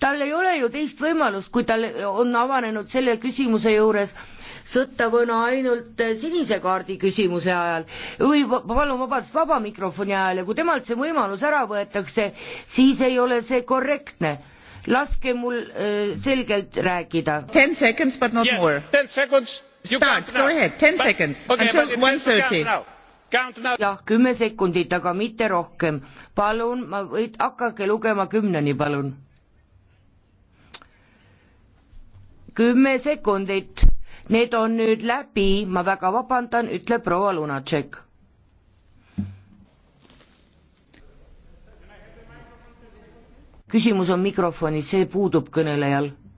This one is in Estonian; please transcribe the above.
tal ei ole ju teist võimalust, kui tal on avanenud selle küsimuse juures sõttavõna ainult sinise kaardi küsimuse ajal või palun vabandust, vaba mikrofoni ajal ja kui temalt see võimalus ära võetakse, siis ei ole see korrektne. laske mul äh, selgelt rääkida. Ten seconds but not yes, more. Ten seconds. Start, go ahead, ten but, seconds okay, until one thirty jah, kümme sekundit, aga mitte rohkem. palun, ma võid, hakake lugema kümneni, palun kümme sekundit. Need on nüüd läbi, ma väga vabandan, ütleb proua Lunatšek. küsimus on mikrofonis, see puudub kõnelejal